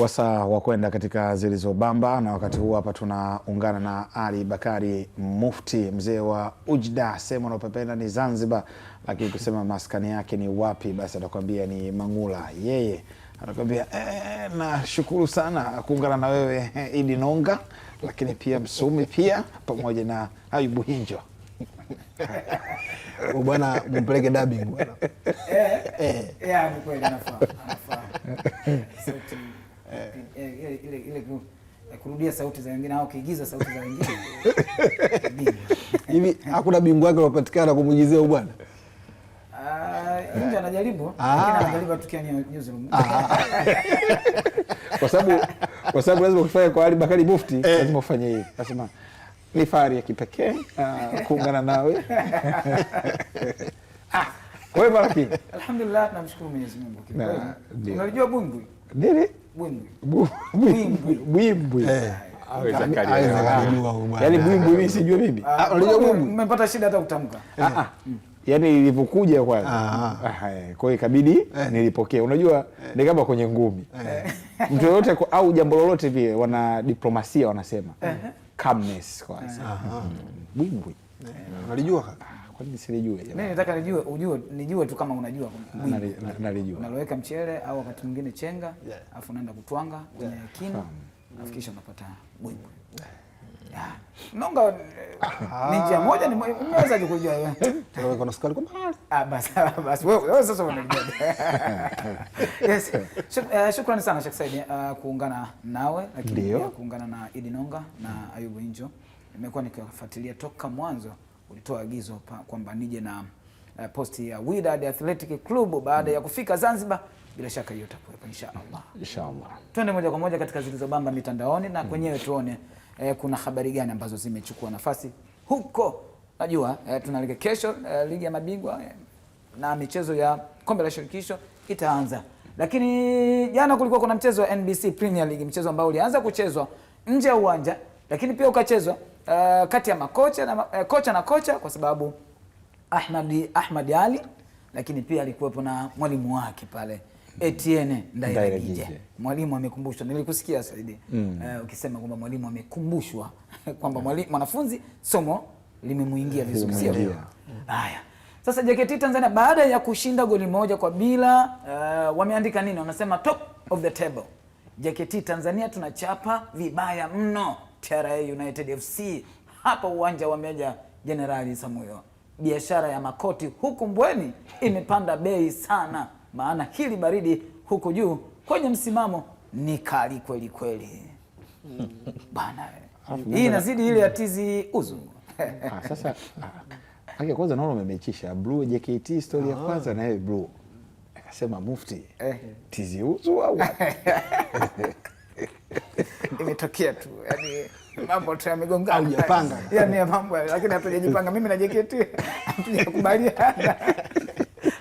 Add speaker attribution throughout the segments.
Speaker 1: Wasaa wa kwenda katika Zilizobamba, na wakati huu hapa tunaungana na Ali Bakari Mufti, mzee wa Ujda, sehemu anaopependa ni Zanzibar, lakini kusema maskani yake ni wapi, basi atakwambia ni Mang'ula. Yeye anakwambia eh, nashukuru sana kuungana na wewe eh, Idi Nonga, lakini pia Msumi pia pamoja na Ayubu Hinjo. Oh, bwana mpeleke dubbing bwana.
Speaker 2: Eh, eh, Eh, eh, eh, ile ile kurudia sauti za wengine au kuigiza sauti za wengine
Speaker 1: hivi. Hakuna bingwa wake anapatikana kumwigizia bwana
Speaker 2: nje, ah, anajaribu ah. anajaribu atukia newsroom, ah.
Speaker 1: kwa sababu kwa sababu lazima ukifanya kwa Ali Bakari Mufti eh, lazima ufanye hivi. Nasema ni fahari ya kipekee uh, kuungana nawe wewe Barakini.
Speaker 2: Alhamdulillah, tunamshukuru Mwenyezi Mungu. Unajua Bumbwi
Speaker 1: nini bwimbwi eh. yaani, ah. yaani bwimbwi mimi sijui mimi
Speaker 2: ah, ah, shida hata kutamka
Speaker 1: yaani ilivyokuja kwanza eh. kwa hiyo ikabidi eh. nilipokea unajua ni kama kwenye ngumi mtu yoyote au jambo lolote vile wana diplomasia wanasema calmness kwanza mm. bwimbwi nalijua kwa nini silijue?
Speaker 2: Mimi nataka nijue, ujue, nijue tu kama unajua. Nalijua. Unaloweka mchele au wakati mwingine chenga, yeah. afu naenda kutwanga kwenye yeah. kina, afikisha unapata bwibwi. Nonga eh, ah. ni njia moja ni umeweza kujua wewe.
Speaker 1: Tunaweka na sukari
Speaker 2: kwa mahali. Ah, basi basi wewe wewe sasa unajua. Yes. Eh, shukrani sana Sheikh Said uh, kuungana nawe lakini kuungana na Idi Nonga na Ayubu Injo. Nimekuwa nikiwafuatilia toka mwanzo ulitoa agizo kwamba nije na uh, eh, posti ya Wydad Athletic Club baada mm. ya kufika Zanzibar. Bila shaka hiyo itakuwepo inshaallah,
Speaker 1: inshaallah.
Speaker 2: Twende moja kwa moja katika Zilizobamba mitandaoni na kwenyewe tuone eh, kuna habari gani ambazo zimechukua nafasi huko. Najua eh, tunaelekea kesho eh, ligi ya mabingwa eh, na michezo ya kombe la shirikisho itaanza, lakini jana kulikuwa kuna mchezo wa NBC Premier League, mchezo ambao ulianza kuchezwa nje ya uwanja, lakini pia ukachezwa uh, kati ya makocha na, uh, kocha na kocha kwa sababu Ahmad Ahmad Ali lakini pia alikuwepo na mwalimu wake pale mm. Etienne Ndairagije. Mwalimu amekumbushwa, nilikusikia Saidi mm. uh, ukisema kwamba mwalimu amekumbushwa kwamba mwanafunzi somo limemuingia vizuri, sio haya. Sasa JKT Tanzania baada ya kushinda goli moja kwa bila uh, wameandika nini? Wanasema top of the table JKT Tanzania tunachapa vibaya mno. TRA United FC hapa uwanja wa Meja Jenerali Samuyo. Biashara ya makoti huku Mbweni imepanda bei sana, maana hili baridi huku juu kwenye msimamo ni kali kweli kweli bana. Hii inazidi ile ya tizi uzu
Speaker 1: ah, sasa. Haki ah, kwanza, naona umemechisha blue JKT story ya ah. kwanza na yeye blue akasema mufti eh. tizi uzu au
Speaker 2: imetokea tu yani, mambo tu yamegonga
Speaker 1: hujapanga
Speaker 2: yani ya mambo, lakini hatujajipanga. Mimi na JKT hatujakubaliana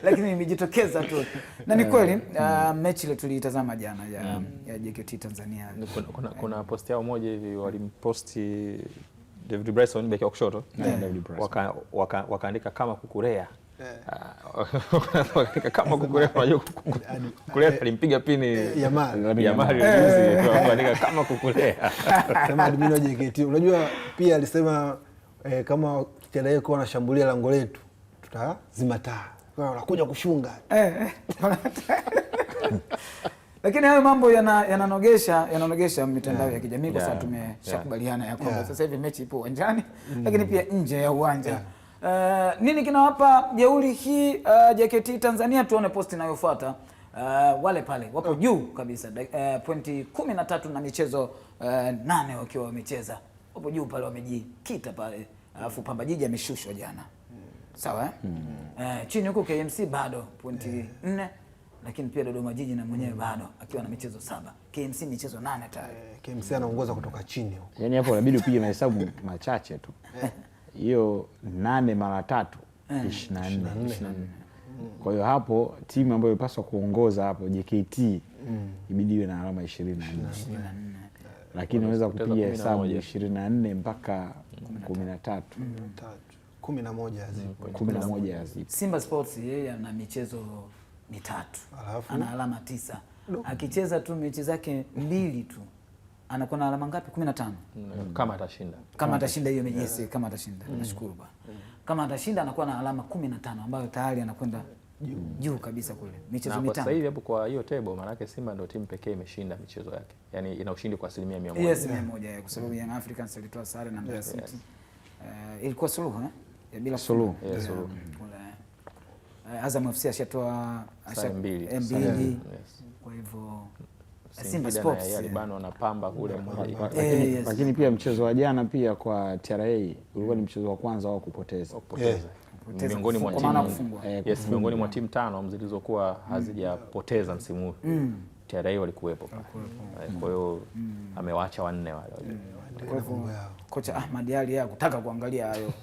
Speaker 2: lakini imejitokeza tu na ni eh. kweli uh, mechi ile tuliitazama jana ya, yeah. Mm. ya JKT Tanzania.
Speaker 3: Kuna, kuna, eh. kuna posti yao moja hivi walimposti David Bryson beki wa kushoto yeah. wakaandika waka, waka kama kukurea Eh. kama unajua alimpiga eh, eh, pini kama
Speaker 1: admin wa JKT. Unajua pia alisema eh, kama tarehe kuwa wanashambulia lango letu tutazima taa, wanakuja kushunga lakini hayo mambo yananogesha yana yananogesha mitandao yeah, ya kijamii kwa sababu yeah, tumeshakubaliana yeah, ya kwamba yeah, sasa hivi mechi ipo uwanjani mm, lakini pia nje ya uwanja yeah. Uh, nini kinawapa jeuri hii uh, eh, JKT Tanzania? Tuone posti inayofuata. Uh, wale pale wapo juu kabisa uh, pointi kumi na tatu na michezo uh, nane wakiwa wamecheza, wapo juu pale, wamejikita pale, alafu Pamba Jiji ameshushwa jana, sawa eh? mm -hmm. uh, chini huko KMC bado pointi yeah. nne lakini pia Dodoma Jiji na mwenyewe mm. bado akiwa na michezo saba, KMC michezo nane tayari. KMC anaongoza kutoka chini huko, yaani hapo inabidi upige mahesabu machache tu hiyo nane mara tatu eh, ishirini na nne mm. kwa hiyo hapo timu ambayo imepaswa kuongoza hapo JKT mm. ibidi iwe na alama ishirini na nne lakini unaweza kupiga hesabu ishirini na nne mpaka kumi na tatu kumi na mm. moja mm, Kumi na moja hazipo.
Speaker 2: Simba Sports yeye ana michezo mitatu, ana alama tisa, akicheza tu mechi zake mbili tu anakuwa na alama ngapi? 15
Speaker 3: mm. kama atashinda,
Speaker 2: kama atashinda hiyo mechi yeah. kama atashinda. Mm. Nashukuru bwana, Mm. kama atashinda anakuwa na alama 15 ambayo tayari anakwenda juu mm. kabisa kule michezo mitano. Sasa
Speaker 3: hivi hapo kwa hiyo table, yake Simba ndio timu pekee imeshinda michezo yake, yaani ina ushindi kwa asilimia mia
Speaker 2: Yes, mia moja kwa sababu Young Africans walitoa sare na Mbeya City. Eh, ilikuwa suluhu eh,
Speaker 1: ya bila suluhu.
Speaker 3: Yes, suluhu.
Speaker 2: Eh, Azam FC ashatoa mbili, eh, kwa hivyo
Speaker 3: Simba Sports
Speaker 1: Lakini pia mchezo wa jana pia kwa TRA ulikuwa ni mm. mchezo wa kwanza wao eh. kupoteza
Speaker 3: miongoni mwa timu eh, yes, miongoni mwa timu tano zilizokuwa hazijapoteza msimu huu mm. TRA walikuwepo pale, eh, kwa hiyo mm. amewaacha wanne wale.
Speaker 2: kocha Ahmad ya kutaka kuangalia hayo,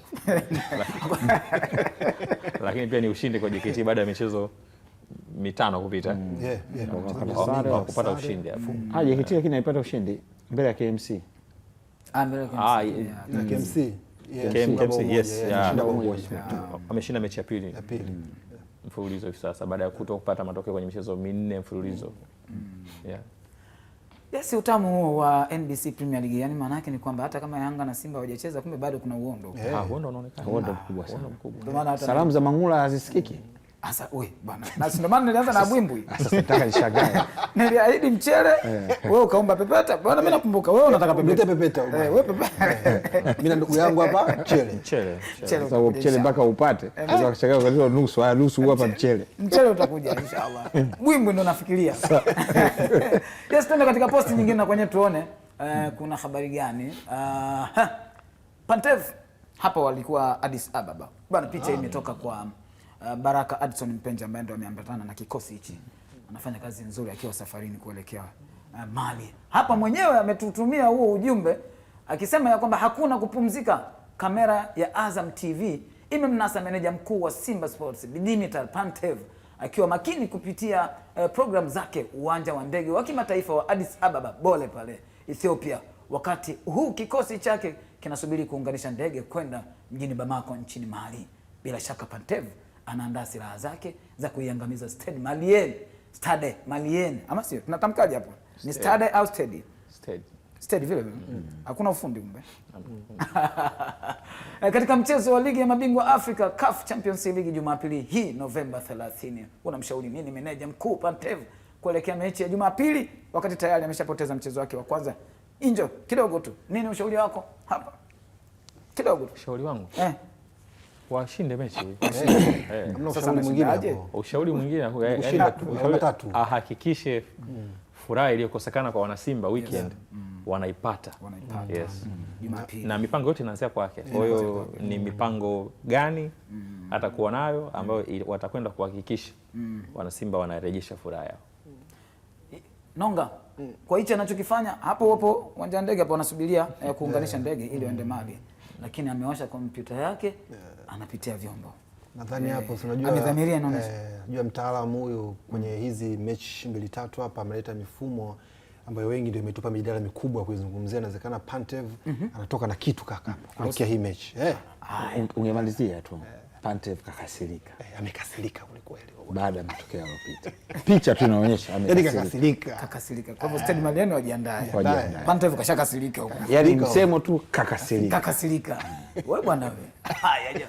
Speaker 3: lakini pia ni ushindi kwa JKT baada ya michezo mitano kupita mm. kupata ushindi mm.
Speaker 1: Ah, JKT lakini ushindi mbele ya KMC
Speaker 3: ameshinda mechi ya pili mm. mfululizo hivi sasa baada ya kuto kupata matokeo kwenye michezo minne mfululizo. Mm.
Speaker 2: Yes, utamu huo wa NBC Premier League. yani maana yake ni kwamba hata kama Yanga na Simba hawajacheza kumbe bado kuna uondo.
Speaker 1: Ah, uondo unaonekana. Ah, uondo mkubwa sana. Salamu za Mangula hazisikiki.
Speaker 2: Sasa we bwana, na ndio maana nilianza na bwimbwi.
Speaker 1: Sasa nataka nishangae,
Speaker 2: niliahidi mchele, eh. wewe ukaomba pepeta bwana. Mimi nakumbuka wewe unataka pepeta, pepeta eh, wewe pepeta, eh. mimi na ndugu yangu hapa mchele, mchele,
Speaker 1: sasa mchele mpaka upate, unaweza kushangaa kwa hiyo nusu haya, nusu hapa mchele,
Speaker 2: mchele utakuja inshallah. Bwimbwi ndo nafikiria Yes, tena katika posti nyingine na kwenye tuone kuna habari gani? Ah, Pantev hapa walikuwa Addis Ababa bwana, picha ah. imetoka kwa Eh, Baraka Adson Mpenja ambaye ndo ameambatana na kikosi hichi anafanya kazi nzuri akiwa safarini kuelekea uh, Mali. Hapa mwenyewe ametutumia huo ujumbe akisema ya kwamba hakuna kupumzika. Kamera ya Azam TV imemnasa meneja mkuu wa Simba Sports Dimitar Pantev akiwa makini kupitia uh, program zake uwanja wa ndege wa kimataifa wa Addis Ababa Bole pale Ethiopia, wakati huu kikosi chake kinasubiri kuunganisha ndege kwenda mjini Bamako nchini Mali. Bila shaka Pantev anaandaa silaha zake za kuiangamiza Stade Malien. Stade Malien, ama sio? Tunatamkaje hapo? Ni Stade au Stade? Stade. Stade vile vile. Mm-hmm. Hakuna ufundi kumbe. Eh, katika mchezo wa ligi ya mabingwa Afrika CAF Champions League Jumapili hii Novemba 30. Unamshauri nini meneja mkuu Pantev kuelekea mechi ya Jumapili wakati tayari ameshapoteza mchezo wake wa kwanza? Injo kidogo tu. Nini ushauri wako hapa? Kidogo tu.
Speaker 3: Ushauri wangu. Eh washinde mechi.
Speaker 1: Eh, eh.
Speaker 3: Ushauri mwingine yaani, ahakikishe mm. furaha iliyokosekana kwa wanasimba weekend mm. wanaipata, wanaipata. Yes. Mm. Na mipango yote inaanzia kwake. Kwa hiyo ni mm. mipango gani mm. atakuwa nayo ambayo mm. watakwenda kuhakikisha mm. wanasimba wanarejesha furaha yao
Speaker 2: Nonga kwa hichi anachokifanya hapo wapo uwanja wa ndege hapo wanasubiria eh, kuunganisha ndege ili waende mali lakini amewasha kompyuta yake anapitia vyombo.
Speaker 1: Nadhani hapo eh, unajua amedhamiria inaonyesha. Unajua mtaalamu huyu kwenye hizi mechi mbili tatu hapa ameleta mifumo ambayo wengi ndio imetupa mijadala mikubwa kuizungumzia. Inawezekana Pantev mm -hmm. anatoka na kitu kaka kuelekea hii mechi. Eh, ungemalizia tu. Eh. Pantev kakasirika.
Speaker 2: Eh, amekasirika kule kweli.
Speaker 1: Baada ya matokeo yalopita. Picha tu inaonyesha
Speaker 2: yaani amekasirika. Kakasirika. Kakasirika. Kwa eh. hivyo Stade Malien wajiandae. Pantev kashakasirika huko.
Speaker 1: Yaani msemo tu kakasirika.
Speaker 2: Kakasirika. Wewe bwana wewe. Haya.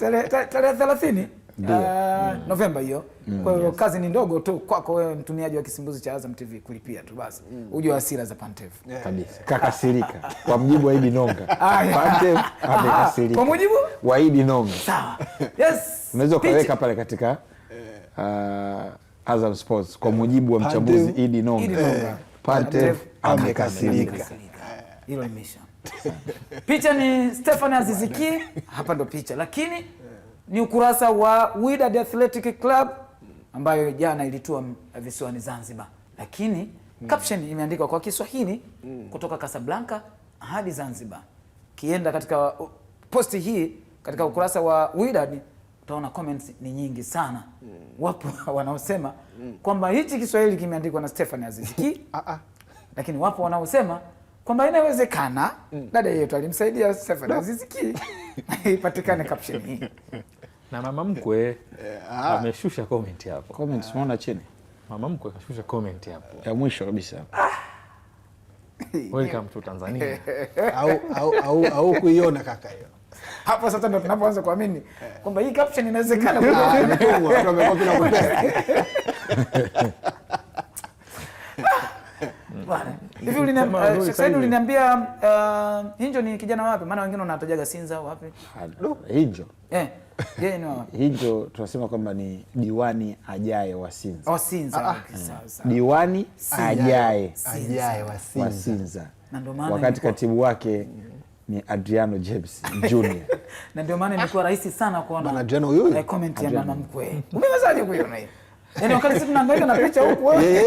Speaker 2: Tarehe 30 uh, ah, mm. Novemba hiyo mm. Kwa hiyo yes. Kazi ni ndogo tu kwako wewe mtumiaji wa kisimbuzi cha Azam TV kulipia tu basi mm. uje hasira za Pantev
Speaker 1: kabisa Kakasirika kwa mjibu wa Idi Nonga ah, Pantev ah, amekasirika kwa mujibu wa Idi Nonga
Speaker 2: sawa. Yes,
Speaker 1: unaweza kuweka pale katika eh. uh, Azam Sports kwa eh. mujibu wa mchambuzi Idi Nonga eh. Pantev amekasirika,
Speaker 2: hilo nimeisha picha ni Stefan Aziziki, hapa ndo picha lakini ni ukurasa wa Wydad Athletic Club ambayo jana ilitua visiwani Zanzibar, lakini mm. caption imeandikwa kwa Kiswahili mm. kutoka Casablanca hadi Zanzibar. Kienda katika uh, posti hii katika ukurasa wa Wydad utaona comments ni nyingi sana mm. wapo wanaosema kwamba hichi Kiswahili kimeandikwa na Stephanie Aziz Ki ah, ah. lakini wapo wanaosema kwamba inawezekana mm. dada yetu alimsaidia Stephanie Aziz Ki ipatikane caption hii
Speaker 3: na mama mkwe eh, eh, ah. ameshusha comment hapo,
Speaker 1: comment umeona chini,
Speaker 3: mama mkwe kashusha comment hapo
Speaker 1: ya mwisho kabisa ah!
Speaker 3: Welcome to Tanzania
Speaker 1: au, au, au, au kuiona kaka hiyo
Speaker 2: hapo sasa ndo tunapoanza kuamini eh. kwamba hii caption inawezekana. Ah, Hivi eh, uliniambia uh, Hinjo ni kijana wapi? Maana wengine wanatajaga Sinza wapi?
Speaker 1: Hinjo. Eh. Yeye ni wapi? Hinjo tunasema kwamba ni diwani ajaye wa Sinza.
Speaker 2: Wa oh, Sinza. Ah,
Speaker 1: ah. Diwani ajaye
Speaker 2: ajaye wa Sinza.
Speaker 1: Na ndio maana wakati katibu wake ni Adriano James Junior.
Speaker 2: Na ndio maana imekuwa rahisi sana kuona Adriano huyu. Eh, comment ya mama mkwe. Umewezaje kuiona hiyo? Yaani wakati sisi tunaangalia na picha wewe.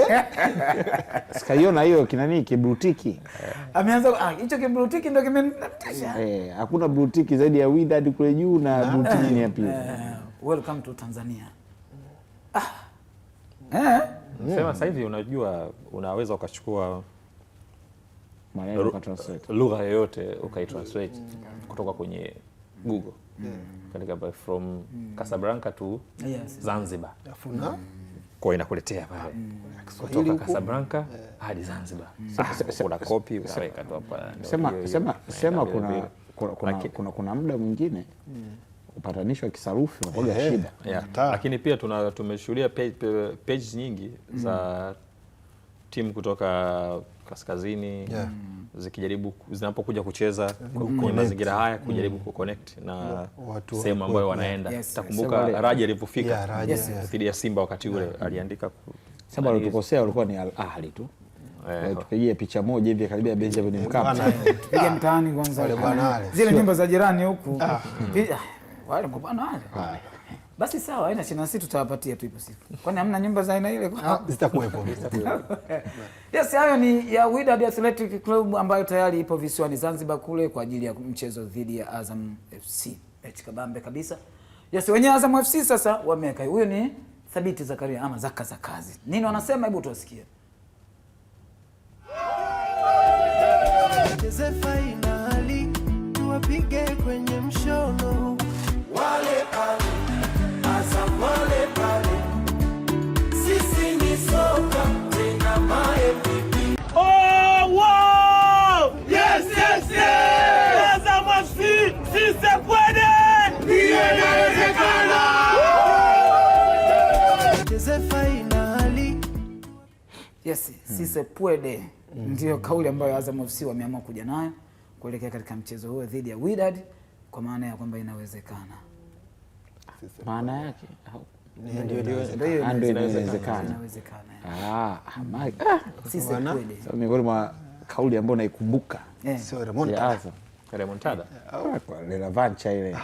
Speaker 1: Sikaiona hiyo kinani kibrutiki.
Speaker 2: Ameanza ah, hicho kibrutiki ndio kimenitisha.
Speaker 1: Eh, eh hakuna brutiki zaidi ya Widad kule juu na ah, brutiki eh, ya yapi. Eh,
Speaker 2: welcome to Tanzania. Ah.
Speaker 3: Eh? Sema sasa hivi unajua unaweza ukachukua
Speaker 1: maneno ukatranslate.
Speaker 3: Lugha yoyote ukaitranslate kutoka kwenye Google. Mm katika from mm. Casablanca to Zanzibar mm. kwa inakuletea pale mm. kutoka Casablanca eh. hadi Zanzibar. Kuna kopi unaweka tu
Speaker 1: hapa, sema sema, kuna kuna kuna muda mwingine upatanisho wa kisarufi unakuwa shida,
Speaker 3: lakini pia tuna tumeshuhudia page nyingi za timu kutoka kaskazini yeah. Zikijaribu zinapokuja kucheza kwenye mazingira haya mm. kujaribu mm. kuconnect na sehemu ambayo wanaenda yes. Takumbuka Raja alipofika dhidi yes, yes. ya Simba wakati ule yeah. aliandika ku...
Speaker 1: Simba alitukosea walikuwa ni Al Ahli tu Eh, tupigie picha moja hivi karibia Benjamin eh, Mkapa. Eh.
Speaker 2: tupige mtaani kwanza. Zile nyumba za jirani huku. Ah. Wale kwa wale. Basi sawa, aina shina sisi tutawapatia tu ipo siku. Kwani hamna nyumba za aina ile kwa?
Speaker 1: Ah, zitakuwepo.
Speaker 2: Yes, hayo ni ya Wydad Athletic Club ambayo tayari ipo visiwani Zanzibar kule kwa ajili ya mchezo dhidi ya Azam FC. Mechi kabambe kabisa. Yes, wenye Azam FC sasa wameka. Huyo ni Thabiti Zakaria ama Zaka za kazi. Nini wanasema, hebu tuwasikie. fainali tuwapige kwenye mshono wale kucheza pale pale. Sisi ni soka tena ma MVP. Oh, wow! Yes, yes, yes! si se puede! Yes, si se puede. Hmm. Ndiyo kauli ambayo Azam FC wameamua kuja nayo kuelekea katika mchezo huo dhidi ya Wydad kwa maana ya kwamba inawezekana
Speaker 1: maana yake ndio inawezekana ah, ah, mm. ah, miongoni mwa kauli ambayo naikumbuka eh. relevancha ile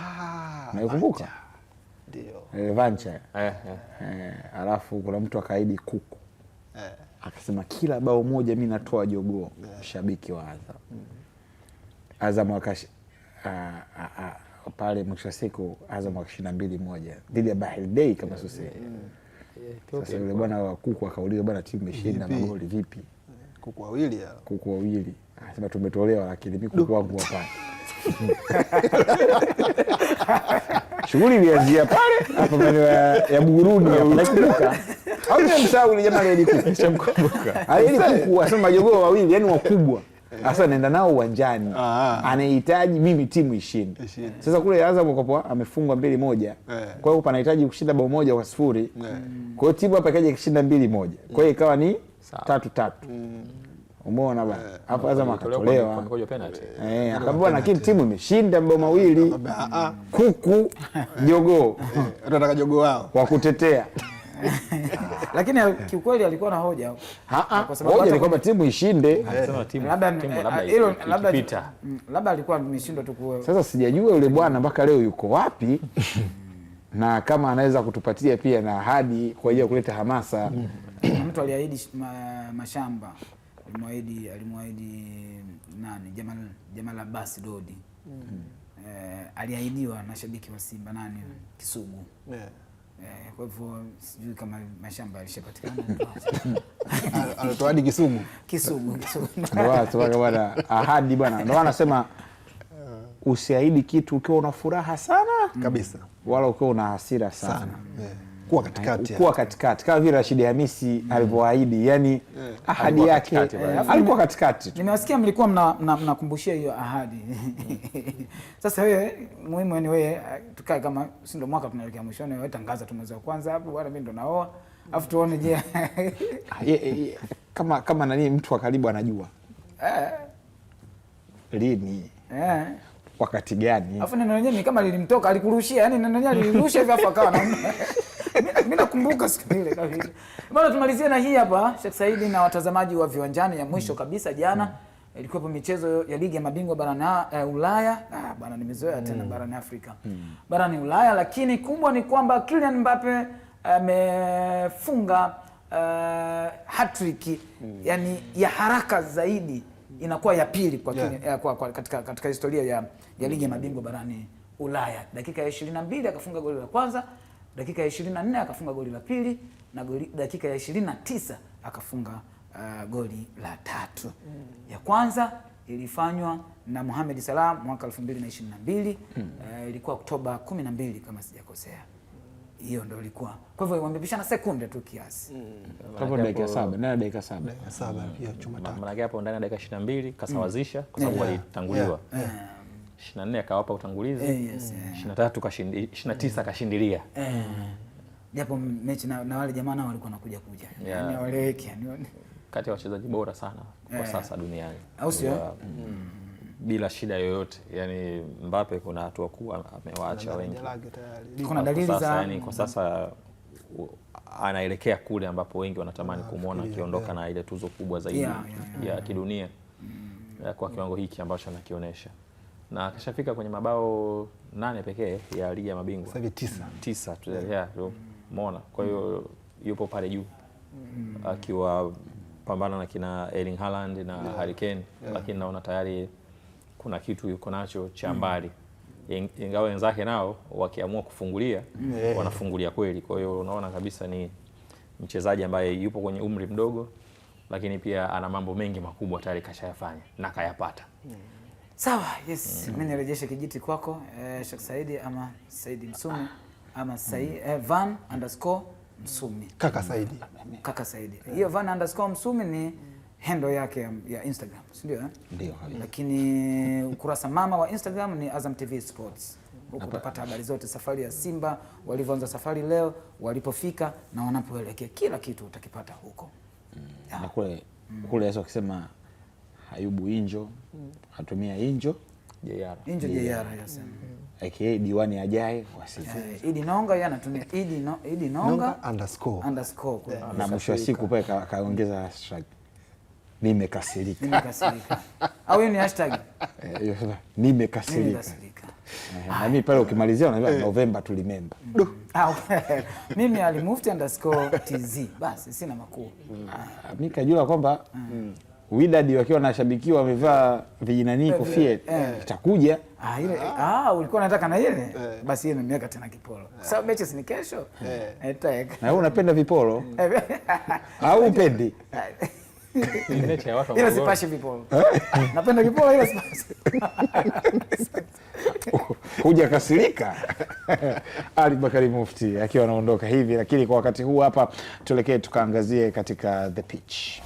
Speaker 1: naikumbuka relevancha, eh, eh. alafu kuna mtu akaidi kuku akasema kila bao moja mi natoa jogoo. mshabiki wa Azam mm. Azam kwa pale mwisho wa siku Azam mwaka ishirini na mbili moja dhidi ya Bahari Dei kama sose yeah, yeah. Sasa yule bwana wa kuku akauliza, bwana timu imeshinda magoli vipi? kuku wawili kuku wawili anasema tumetolewa, lakini mi kuku wangu hapa shughuli ilianzia pale hapo maeneo ya Buguruni, nakumbuka
Speaker 2: au msahau ile jamaa aliyekuku
Speaker 1: aliyekuku asema majogoo wawili, yani wakubwa Eh. Sasa naenda nao uwanjani, ah, ah. anahitaji mimi timu ishinde. Sasa kule Azam kwa amefungwa mbili moja, eh. kwa hiyo panahitaji kushinda bao moja kwa sifuri. Eh. Kwa hiyo timu hapa ikaja ikishinda mbili moja, kwa hiyo ikawa ni tatu tatu. Mm. Umeona bana hapo, Azam akatolewa akabeba, lakini timu imeshinda mbao mawili ah, kuku jogoo,
Speaker 2: anataka jogoo wao
Speaker 1: wakutetea
Speaker 2: lakini kiukweli alikuwa na hoja,
Speaker 1: hoja ni kwamba timu ishinde,
Speaker 3: ah, eh,
Speaker 2: labda alikuwa mishindo tu.
Speaker 1: Sasa sijajua yule bwana mpaka leo yuko wapi na kama anaweza kutupatia pia na ahadi kwa ajili ya kuleta hamasa.
Speaker 2: Mtu aliahidi mashamba, alimwahidi nani? Jamal, Jamal Abbas Dodi mm. eh, aliahidiwa na shabiki wa Simba nani, Kisugu. Eh, kwa hivyo sijui kama mashamba yalishapatikana.
Speaker 1: Anatoa hadi Kisugu, Kisugu bwana, ahadi bwana. Ndio anasema usiahidi kitu ukiwa una furaha sana kabisa, wala ukiwa una hasira sana, sana. Yeah kuwa katikati, kuwa katikati kama vile Rashidi Hamisi mm. alivyoahidi, yani yeah. ahadi yake alikuwa katikati.
Speaker 2: Nimewasikia mlikuwa mnakumbushia hiyo ahadi. Sasa wewe muhimu ni wewe, tukae kama si ndio, mwaka tunaelekea mwishoni, wewe tangaza tu mwezi wa kwanza hapo, bwana mimi ndo naoa, afu tuone je
Speaker 1: kama kama nani mtu wa karibu anajua eh. lini eh. wakati gani,
Speaker 2: afu neno lenyewe ni kama lilimtoka, alikurushia, yani neno lenyewe lilirusha hivi, afu akawa na mimi nakumbuka siku ile kabisa. Bwana, tumalizie na hii hapa Sheikh Saidi na watazamaji wa Viwanjani. Ya mwisho mm. kabisa jana mm. ilikuwa michezo ya ligi ya mabingwa barani uh, Ulaya ah, bwana nimezoea tena mm. barani Afrika mm. barani Ulaya, lakini kubwa ni kwamba Kylian Mbappe amefunga uh, uh, hattrick mm. yani ya haraka zaidi inakuwa ya pili kwa, yeah. ya, eh, kwa, kwa katika, katika historia ya, ya ligi ya mm. mabingwa barani Ulaya dakika ya 22 akafunga goli la kwanza dakika ya 24 akafunga goli la pili na goli, dakika ya 29 akafunga uh, goli la tatu mm. Ya kwanza ilifanywa na Mohamed Salah mwaka 2022 mm. Uh, ilikuwa Oktoba 12 kama sijakosea hiyo ndio ilikuwa. Kwa hivyo wamepishana sekunde tu kiasi.
Speaker 1: Mm. dakika saba, ndani dakika saba. Dakika saba pia chuma tatu.
Speaker 3: Maana yake hapo ndani ya dakika 22 kasawazisha kwa mm. sababu alitanguliwa. 24 akawapa utangulizi eh, yes, eh. 23 kashindi, 29 eh. kashindilia eh,
Speaker 2: japo mechi na, na wale jamaa nao walikuwa nakuja kuja yeah. yani waleweki yani
Speaker 3: kati ya wachezaji bora sana kwa eh, sasa duniani
Speaker 2: au sio? mm.
Speaker 3: bila shida yoyote yani, Mbappe kuna hatua kuwa amewaacha wengi,
Speaker 2: kuna dalili za
Speaker 3: yani kwa sasa anaelekea kule ambapo wengi wanatamani ah, kumwona akiondoka yeah, yeah. na ile tuzo kubwa zaidi yeah, yeah, yeah, ya kidunia yeah, mm. kwa kiwango hiki ambacho anakionyesha na kishafika kwenye mabao nane pekee ya ligi ya mabingwa.
Speaker 1: Sasa hivi tisa.
Speaker 3: Tisa tu yeah, umeona. Kwa hiyo yupo pale juu mm. akiwa pambana na kina Erling Haaland na yeah. Harry Kane yeah. Lakini naona tayari kuna kitu yuko nacho cha mm. mbali mm. Ingawa wenzake nao wakiamua kufungulia yeah. Wanafungulia kweli. Kwa hiyo unaona kabisa ni mchezaji ambaye yupo kwenye umri mdogo, lakini pia ana mambo mengi makubwa tayari kashayafanya na kayapata mm.
Speaker 2: Sawa, yes, mimi nirejeshe kijiti kwako eh, Sheikh Saidi ama Saidi Msumi ama Saidi eh, van underscore Msumi. Kaka Saidi. Kaka Saidi. Hiyo van underscore Msumi ni handle yake ya Instagram, si ndio eh? Ndio. Lakini ukurasa mama wa Instagram ni Azam TV Sports. Huko utapata habari zote, safari ya Simba walivyoanza safari leo, walipofika na wanapoelekea, kila kitu utakipata huko.
Speaker 1: Mm. Na kule kule Yesu akisema Ayubu Injo mm. katumia Injo JR
Speaker 2: Injo mm.
Speaker 1: aka diwani ajaye sisi
Speaker 2: yeah, Idi Nonga yeye anatumia Idi no, Idi Nonga underscore underscore
Speaker 1: yeah. na mwisho wa siku pale kaongeza hashtag nimekasirika nimekasirika
Speaker 2: au hiyo ni hashtag
Speaker 1: eh, nimekasirika eh, na mimi pale ukimalizia unaambia eh. November tulimemba ah,
Speaker 2: mimi alimufti underscore tz basi sina makuu
Speaker 1: ah, mimi kajua kwamba mm. Widadi wakiwa wanashabikiwa wamevaa vijinanii eh, kofia eh. itakuja.
Speaker 2: Ah, ile ah, ulikuwa unataka na ile eh. basi, ile nimeweka tena kipolo sababu mechi ni kesho.
Speaker 1: Na wewe unapenda vipolo au upendi?
Speaker 2: Ile sipashi vipolo, napenda vipolo, ile
Speaker 1: sipashi. kasirika Ali Bakari Mufti akiwa anaondoka hivi, lakini kwa wakati huu hapa tuelekee tukaangazie katika the pitch.